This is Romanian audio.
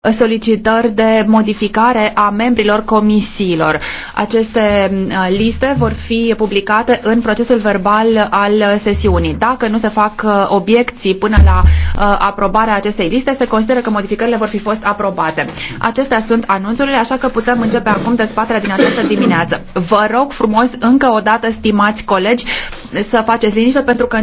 solicitări de modificare a membrilor comisiilor. Aceste uh, liste vor fi publicate în procesul verbal al sesiunii. Dacă nu se fac uh, obiecții până la uh, aprobarea acestei liste, se consideră că modificările vor fi fost aprobate. Acestea sunt anunțurile, așa că putem începe acum dezbaterea din această dimineață. Vă rog frumos încă o dată, stimați colegi, să faceți liniște pentru că